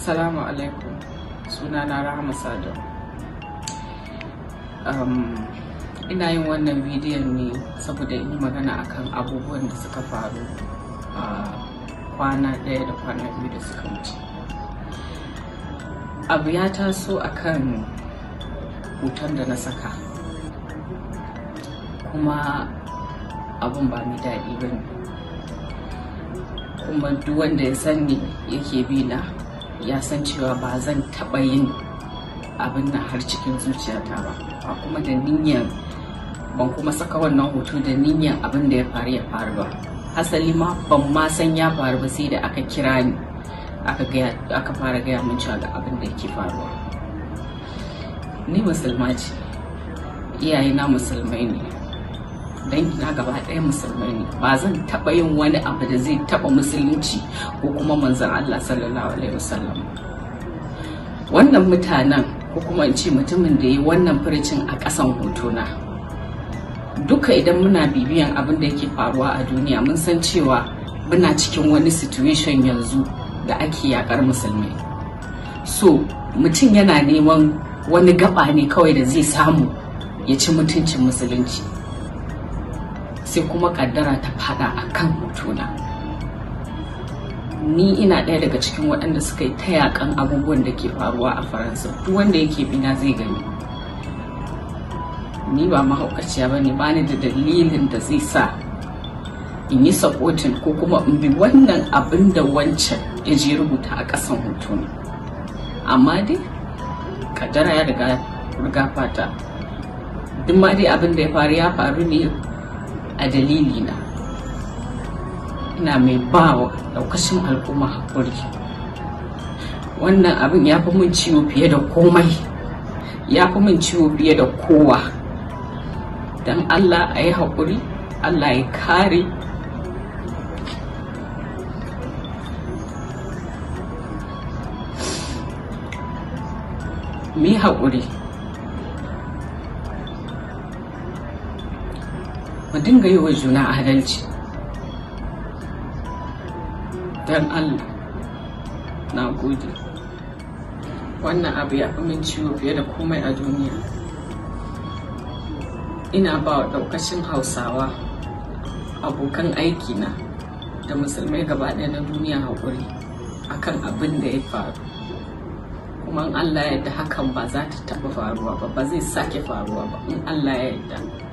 Salamu alaikum suna na Rahama Sadau. Um, ina yin wannan bidiyon ne saboda yi magana akan abubuwan da suka faru a kwana ɗaya da kwana biyu da suka wuce. Abu ya taso a kan hoton da na saka kuma abun ba mai daɗi ba ne. kuma duk wanda ya sani yake bi na ya san cewa ba zan taɓa yin abin nan har cikin zuciyata ba ba kuma da niyyar ban kuma saka wannan hoto da niyyar abin da ya faru ya faru ba hasali ma ban ma san ya faru ba sai da aka kira ni aka fara gaya min cewa da abin da yake faruwa ni musulma ce iyayena musulmai ne dangi na gaba ɗaya musulmai ne ba zan taɓa yin wani abu da zai taɓa musulunci ko kuma manzon Allah sallallahu alaihi wasallam wannan mutanen ko kuma in ce mutumin da ya yi wannan furicin a ƙasan hotuna duka idan muna bibiyan abin da yake faruwa a duniya mun san cewa muna cikin wani situation yanzu da ake yakar musulmai so mutum yana neman wani gaba ne kawai da zai samu ya ci mutuncin musulunci sai kuma kaddara ta fada a kan hotuna ni ina ɗaya daga cikin waɗanda suka yi ta yakan abubuwan da ke faruwa a faransa duk wanda yake bina zai gani ni ba mahaukaciya ba ne bani da dalilin da zai sa in yi supporting ko kuma in bi wannan abin da wancan ya je rubuta a ƙasan hotuna amma dai kaddara ya riga fata duk ma dai abin da ya faru ya faru ne a dalilina ina mai bawa daukashin al'umma hakuri wannan abin ya fi min ciwo fiye da komai ya fi min ciwo fiye da kowa don allah a yi haƙuri allah ya kare mu yi haƙuri mu dinga yi wa juna adalci don allah na gode wannan abu ya fi min ciwo fiye da komai a duniya ina ba wa daukashin hausawa abokan aiki na da musulmai gaba ɗaya na duniya haƙuri a kan abin da ya faru kuma in allah yadda hakan ba za ta taɓa faruwa ba ba zai sake faruwa ba in allah yadda.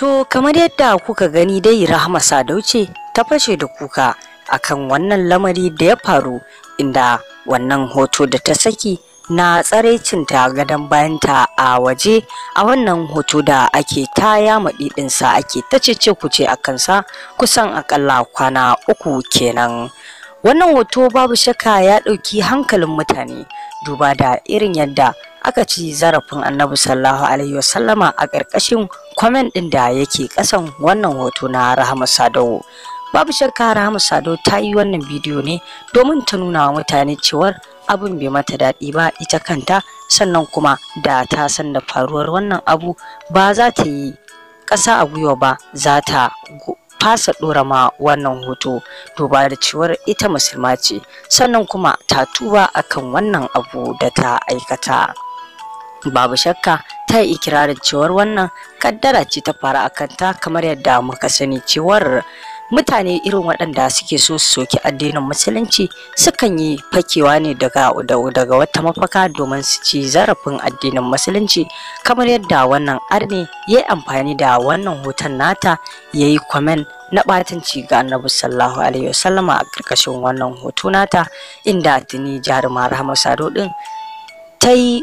To kamar yadda kuka gani dai rahma sadauce ta fashe da kuka akan wannan lamari da ya faru inda wannan hoto da ta saki na tsaraicinta gadon bayanta a waje a wannan hoto da ake ta maɗi ɗinsa ake ta cece kuce a kansa kusan akalla kwana uku kenan. Wannan hoto babu shakka ya ɗauki hankalin mutane duba da irin yadda aka ci zarafin annabi sallallahu alaihi wasallama a ƙarƙashin kwamen ɗin da yake ƙasan wannan hoto na Rahama Sadau. Babu shakka Rahama Sadau ta yi wannan bidiyo ne domin ta nuna wa mutane cewar abin bai mata daɗi ba ita kanta sannan kuma da ta san da faruwar wannan abu ba za ta yi ƙasa a gwiwa ba za ta fasa ɗora ma wannan hoto duba da cewar ita musulma ce sannan kuma ta tuba akan wannan abu da ta aikata babu shakka ta yi ikirarin cewar wannan kaddara ce ta faru a kanta kamar yadda muka sani cewar mutane irin waɗanda suke so su soki addinin musulunci sukan yi fakewa ne daga daga wata mafaka domin su ci zarafin addinin musulunci kamar yadda wannan arne ya yi amfani da wannan hoton nata ya yi kwamen na batanci ga annabi sallallahu alaihi wasallama a ƙarƙashin wannan hoto nata inda tuni jarumar rahama sado ta yi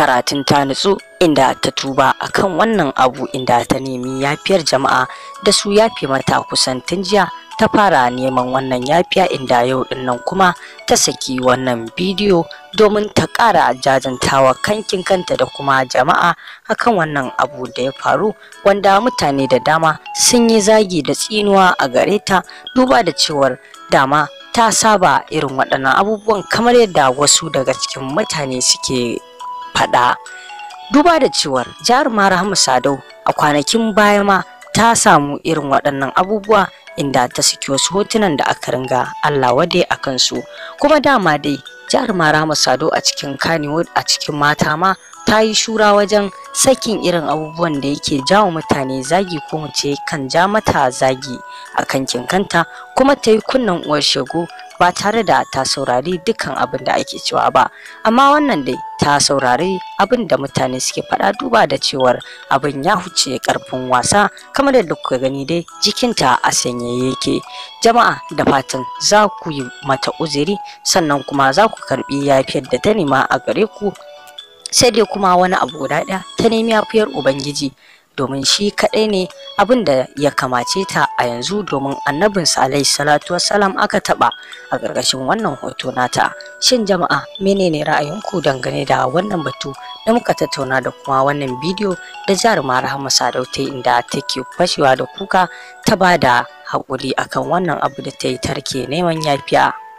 karatun ta nutsu inda ta tuba akan wannan abu inda ta nemi yafiyar jama'a da su yafe mata kusan tun jiya ta fara neman wannan yafiya inda yau din nan kuma ta saki wannan bidiyo domin ta ƙara jajantawa kankin kanta da kuma jama'a akan wannan abu da ya faru wanda mutane da dama sun yi zagi da tsinuwa a gare ta duba da cewar dama ta saba irin waɗannan abubuwan kamar yadda wasu daga cikin mutane suke faɗa duba da cewar jaruma rahama sadau a kwanakin baya ma ta samu irin waɗannan abubuwa inda ta saki wasu hotunan da aka ringa Allah wade a kansu kuma dama dai jaruma rahama sadau a cikin Kannywood a cikin mata ma ta yi shura wajen sakin irin abubuwan da yake jawo mutane zagi ko mace kan ja mata zagi a kan kinkanta kuma ta yi kunnan uwar shago. ba tare da ta saurari dukkan abin da ake cewa ba amma wannan dai ta saurari abin da mutane suke faɗa duba da cewar abin ya huce karfin wasa kamar da kuka gani dai jikinta a sanye yake jama'a da fatan za ku yi mata uzuri sannan kuma za ku karbi yafiyar da ta nema a gare ku sai dai kuma wani abu guda ɗaya ta nemi yafiyar ubangiji domin shi kaɗai ne abin da ya kamace ta a yanzu domin annabinsa alaihi salatu wassalam aka taɓa a ƙarƙashin wannan hoto nata shin jama'a menene ra'ayinku dangane da wannan batu da muka tattauna da kuma wannan bidiyo da ma rahama sadau ta inda take fashewa da kuka ta ba da haƙuri akan wannan abu da ta yi tarke neman yafiya